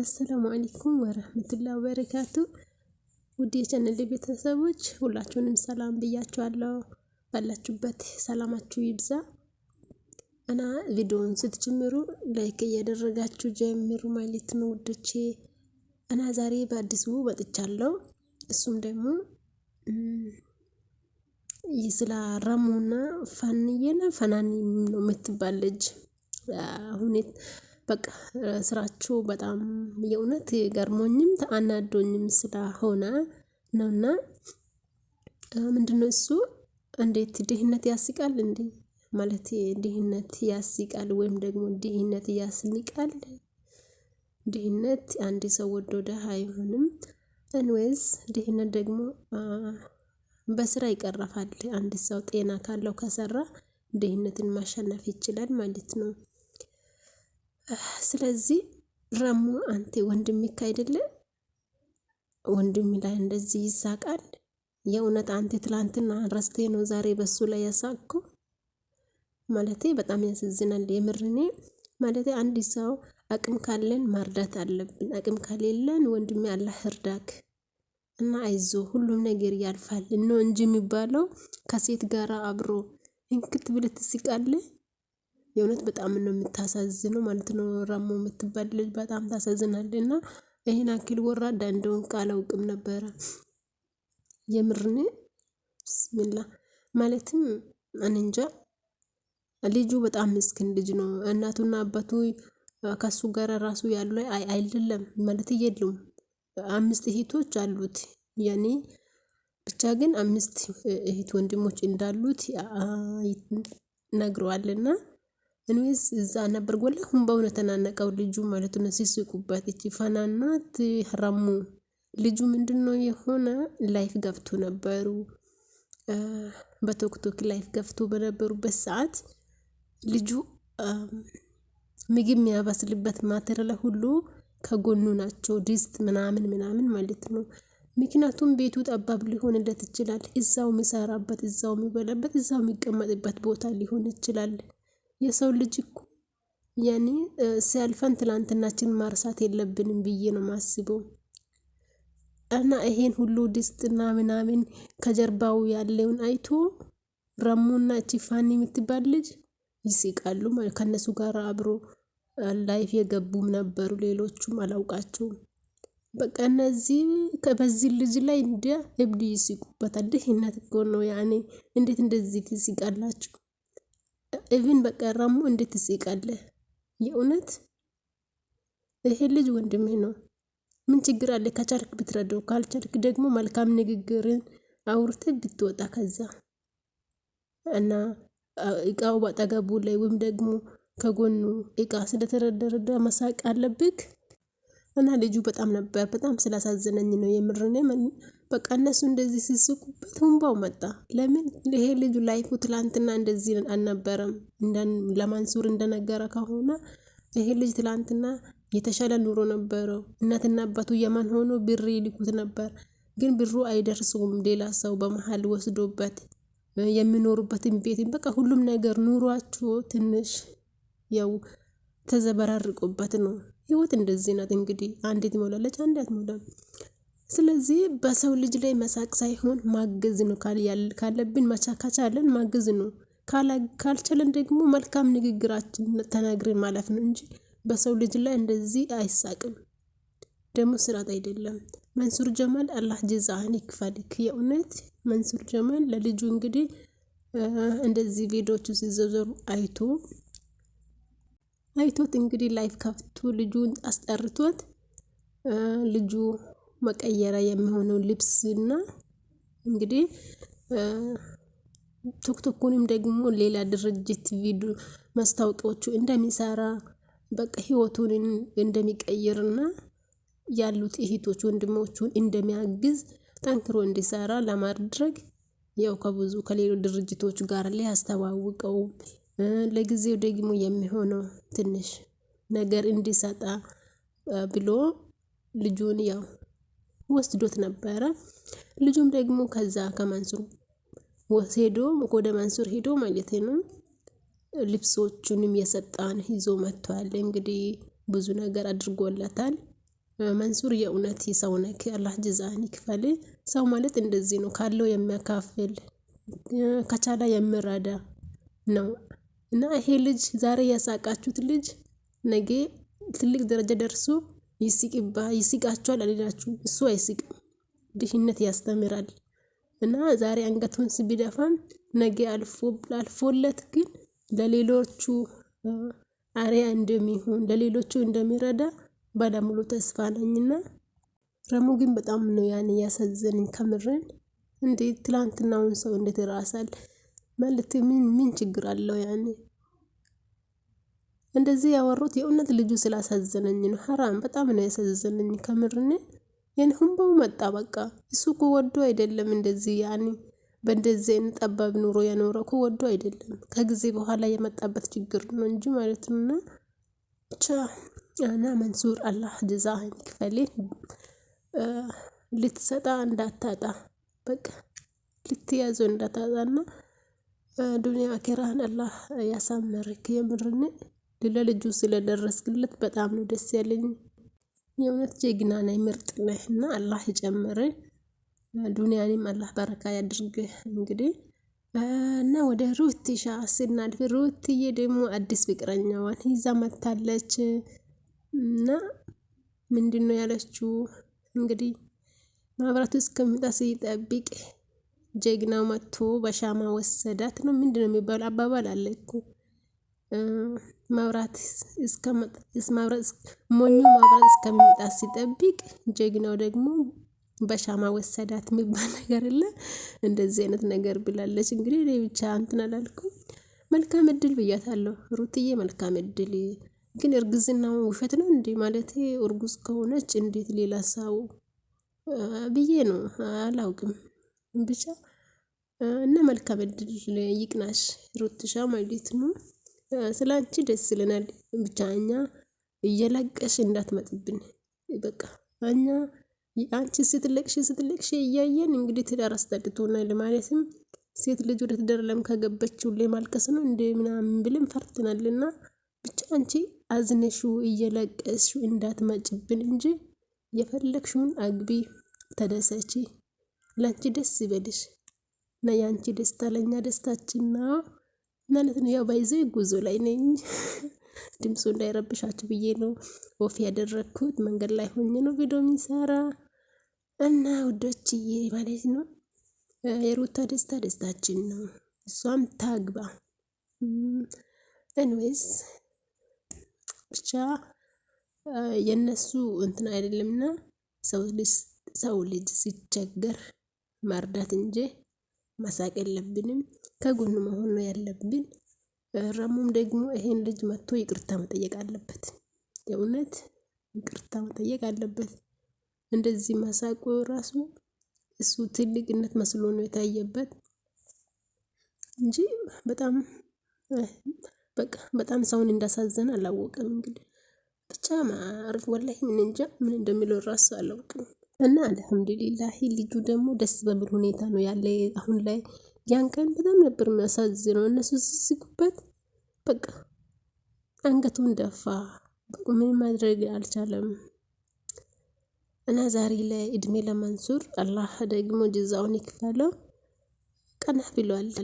አሰላሙ አለይኩም ወረህመቱላ ወበረካቱ። ውድ የቻናል ቤተሰቦች ሁላችሁንም ሰላም ብያችኋለሁ። ባላችሁበት ሰላማችሁ ይብዛ እና ቪዲዮውን ስትጀምሩ ላይክ እያደረጋችሁ ጀምሩ ማለት ነው ውዶቼ። እና ዛሬ በአዲሱ መጥቻለሁ። እሱም ደግሞ ስለ ረሙና ፋንዬና ፈናኒ ነው የምትባል ልጅ ሁኔት በቃ ስራችሁ በጣም የእውነት ገርሞኝም አናዶኝም ስለሆነ ነውና ምንድነው እሱ እንዴት ድህነት ያስቃል እንዴ? ማለት ድህነት ያስቃል ወይም ደግሞ ድህነት ያስንቃል? ድህነት አንድ ሰው ወዶ ደሃ አይሆንም። እንዌዝ ድህነት ደግሞ በስራ ይቀረፋል። አንድ ሰው ጤና ካለው ከሰራ ድህነትን ማሸነፍ ይችላል ማለት ነው። ስለዚህ ረሙ አንቴ ወንድምክ አይደለ ወንድም ላይ እንደዚህ ይሳቃል። የእውነት አንቴ ትላንትና ረስቴ ነው ዛሬ በሱ ላይ ያሳቅኩ ማለቴ በጣም ያሳዝናል። የምርኔ ማለቴ አንድ ሰው አቅም ካለን ማርዳት አለብን። አቅም ካሌለን ወንድሜ አላህ እርዳክ እና አይዞ ሁሉም ነገር ያልፋል ነው እንጂ የሚባለው ከሴት ጋር አብሮ እንክት ሲቃለ የእውነት በጣም ነው የምታሳዝነው ማለት ነው። ራሞ የምትባል ልጅ በጣም ታሳዝናል። እና ይህን አክል ወራዳ እንደውን ቃል አውቅም ነበረ የምርን ብስሚላ ማለትም አንንጃ ልጁ በጣም ምስኪን ልጅ ነው። እናቱና አባቱ ከሱ ጋር ራሱ ያሉ አይደለም ማለት የሉም። አምስት እህቶች አሉት ያኔ ብቻ ግን አምስት እህት ወንድሞች እንዳሉት ነግረዋልና እኔስ እዛ ነበር ጎላ ሁን በእውነት ተናነቀው ልጁ ማለት ነው። ሲስቁበት እቺ ፈናናት ሀራሙ ልጁ ምንድን ነው የሆነ ላይፍ ገብቶ ነበሩ በቶክቶክ ላይፍ ገብቶ በነበሩበት ሰዓት ልጁ ምግብ የሚያበስልበት ማቴሪያል ሁሉ ከጎኑ ናቸው። ድስት ምናምን ምናምን ማለት ነው። ምክንያቱም ቤቱ ጠባብ ሊሆንለት ይችላል። እዛው የሚሰራበት፣ እዛው የሚበላበት፣ እዛው የሚቀመጥበት ቦታ ሊሆን ይችላል። የሰው ልጅ እኮ ያኔ ሲያልፈን ትላንትናችን ማርሳት የለብንም ብዬ ነው ማስበው። እና ይሄን ሁሉ ድስትና ምናምን ከጀርባው ያለውን አይቶ ረሙና እቺ ፋኒ የምትባል ልጅ ይስቃሉ። ከእነሱ ጋር አብሮ ላይፍ የገቡም ነበሩ፣ ሌሎቹም አላውቃቸውም። በቃ እነዚህ በዚህ ልጅ ላይ እንደ እብድ ይስቁበታል። ድህነት እኮ ነው ያኔ። እንዴት እንደዚህ ትስቃላችሁ? ኢቭን ራሙ እንዴት ትስቃለህ? የእውነት ይሄ ልጅ ወንድሜ ነው። ምን ችግር አለ? ከቻልክ ብትረዳው፣ ካልቻልክ ደግሞ መልካም ንግግርን አውርተ ብትወጣ ከዛ እና እቃው ባጠገቡ ላይ ወይም ደግሞ ከጎኑ እቃ ስለተደረደረ መሳቅ አለብክ። እና ልጁ በጣም ነበር በጣም ስላሳዘነኝ ነው የምርን በቃ እነሱ እንደዚህ ሲስቁበት ሁንባው መጣ። ለምን ይሄ ልጁ ላይፉ ትላንትና እንደዚህ አልነበረም። ለማንሱር እንደነገረ ከሆነ ይሄ ልጅ ትላንትና የተሻለ ኑሮ ነበረው። እናትና አባቱ የማን ሆኖ ብር ይልኩት ነበር፣ ግን ብሩ አይደርሰውም። ሌላ ሰው በመሀል ወስዶበት የሚኖሩበትን ቤት በቃ ሁሉም ነገር ኑሯቸው ትንሽ ያው ተዘበራርቆበት ነው። ህይወት እንደዚህ ናት እንግዲህ አንዴ ትሞላለች፣ አንዴ አትሞላም። ስለዚህ በሰው ልጅ ላይ መሳቅ ሳይሆን ማገዝ ነው ካለብን መቻካቻለን ማገዝ ነው። ካልቻለን ደግሞ መልካም ንግግራችን ተናግረን ማለፍ ነው እንጂ በሰው ልጅ ላይ እንደዚህ አይሳቅም። ደግሞ ስርዓት አይደለም። መንሱር ጀማል አላህ ጀዛህን ይክፈልክ። የእውነት መንሱር ጀማል ለልጁ እንግዲህ እንደዚህ ቪዲዮዎቹ ሲዘዘሩ አይቶ አይቶት እንግዲህ ላይፍ ከፍቱ ልጁን አስጠርቶት ልጁ መቀየሪያ የሚሆነው ልብስ እና እንግዲህ ቶክቶኩንም ደግሞ ሌላ ድርጅት ቪዲዮ ማስታወቂያዎቹ እንደሚሰራ በቃ ህይወቱን እንደሚቀይርና ያሉት እህቶች ወንድሞቹን እንደሚያግዝ ጠንክሮ እንዲሰራ ለማድረግ ያው ከብዙ ከሌሎች ድርጅቶች ጋር ሊያስተዋውቀው ለጊዜው ደግሞ የሚሆነው ትንሽ ነገር እንዲሰጣ ብሎ ልጁን ያው ወስዶት ነበረ። ልጁም ደግሞ ከዛ ከመንሱር ወስዶ ወደ መንሱር ሄዶ ማለት ነው ልብሶቹንም የሰጣን ይዞ መጥቷል። እንግዲህ ብዙ ነገር አድርጎለታል። መንሱር የእውነት ሰው ነክ አላህ ጅዛህን ይክፈል። ሰው ማለት እንደዚህ ነው፣ ካለው የሚያካፍል ከቻላ የሚረዳ ነው። እና ይሄ ልጅ ዛሬ ያሳቃችሁት ልጅ ነገ ትልቅ ደረጃ ደርሶ ይስቅባ ይስቃችኋል አልላችሁ። እሱ አይስቅም። ድህነት ያስተምራል እና ዛሬ አንገቱን ስቢደፋም ነገ አልፎለት ግን ለሌሎቹ አሪያ እንደሚሆን ለሌሎቹ እንደሚረዳ ባለሙሉ ተስፋ ነኝና ረሙ ግን በጣም ነው ያን ያሳዘነኝ ከምረን እንዴት ትላንትናውን ሰው እንዴት ይራሳል? ማለት ምን ምን ችግር አለው ያኔ? እንደዚህ ያወሩት የእውነት ልጁ ስላሳዘነኝ ነው። ሀራም በጣም ነው ያሳዘነኝ ከምርን ያን ሁንባው መጣ በቃ። እሱ እኮ ወዶ አይደለም እንደዚህ ያኔ በእንደዚህ አይነት ጠባብ ኑሮ ያኖረው እኮ ወዶ አይደለም። ከጊዜ በኋላ የመጣበት ችግር ነው እንጂ ማለት ነውና ብቻ አና መንሱር አላህ ጀዛህን ይክፈልህ። ልትሰጣ እንዳታጣ በቃ ልትያዘው እንዳታጣና ዱንያ አኬራህን አላህ ያሳምርክ። የምርን ለልጁ ስለደረስክለት በጣም ነው ደስ ያለኝ። የእውነት ጀግና ነህ፣ ምርጥ ነህ እና አላህ ይጨምር፣ ዱንያንም አላህ በረካ ያድርግ። እንግዲህ እና ወደ ሩትሻ ስናልፍ ሩትዬ ደግሞ አዲስ ፍቅረኛዋን ይዛ መታለች እና ምንድን ነው ያለችው እንግዲህ ማብራቱ እስከሚጣ ስይጠብቅ ጀግና መጥቶ በሻማ ወሰዳት ነው ምንድን ነው የሚባለው? አባባል አለ እኮ መብራት ሞኙ መብራት እስከሚመጣ ሲጠብቅ ጀግናው ደግሞ በሻማ ወሰዳት የሚባል ነገር የለ። እንደዚህ አይነት ነገር ብላለች። እንግዲህ እኔ ብቻ እንትን አላልኩም። መልካም እድል ብያታለሁ ሩትዬ፣ መልካም እድል። ግን እርግዝናው ውሸት ነው እንዲ ማለት እርጉዝ ከሆነች እንዴት ሌላ ሰው ብዬ ነው አላውቅም። ብቻ እና መልካም እድል ይቅናሽ ሩትሻ ማለት ነው። ስለ አንቺ ደስ ይለናል። ብቻ እኛ እየለቀሽ እንዳትመጥብን በቃ እኛ አንቺ ስትለቅሽ ስትለቅሽ እያየን እንግዲህ ትዳር አስጠልቶናል። ማለትም ሴት ልጅ ወደ ትዳር ለም ከገበችው ለማልቀስ ማልቀስ ነው እንደ ምናምን ብለን ፈርትናልና ብቻ አንቺ አዝነሹ እየለቀሽ እንዳትመጭብን እንጂ የፈለግሽውን አግቢ ተደሰቺ። ለአንቺ ደስ ይበልሽ እና የአንቺ ደስታ ለእኛ ደስታችን ነው ማለት ነው። ያው ባይዘ ጉዞ ላይ ነኝ ድምፁ እንዳይረብሻችሁ ብዬ ነው ወፍ ያደረግኩት። መንገድ ላይ ሆኜ ነው ቪዲዮ የሚሰራ እና ውዶችዬ ማለት ነው። የሩታ ደስታ ደስታችን ነው። እሷም ታግባ እንዌስ ብቻ የእነሱ እንትን አይደለምና ሰው ልጅ ሲቸገር መርዳት እንጂ መሳቅ የለብንም። ከጎኑ መሆን ነው ያለብን። ረሙም ደግሞ ይሄን ልጅ መጥቶ ይቅርታ መጠየቅ አለበት። የእውነት ይቅርታ መጠየቅ አለበት። እንደዚህ መሳቁ ራሱ እሱ ትልቅነት መስሎ ነው የታየበት እንጂ በጣም በቃ በጣም ሰውን እንዳሳዘን አላወቅም። እንግዲህ ብቻ ማረፍ ወላሂ ምን እንጃ ምን እንደሚለው ራሱ አላውቅም። እና አልሐምዱሊላህ ልጁ ደግሞ ደስ በሚል ሁኔታ ነው ያለ። አሁን ላይ ያን ቀን በጣም ነበር የሚያሳዝነው። እነሱ ሲስጉበት በቃ አንገቱን ደፋ፣ ምን ማድረግ አልቻለም። እና ዛሬ ላይ እድሜ ለመንሱር አላህ ደግሞ ጅዛውን ይክፈለው። ቀና ብሏል።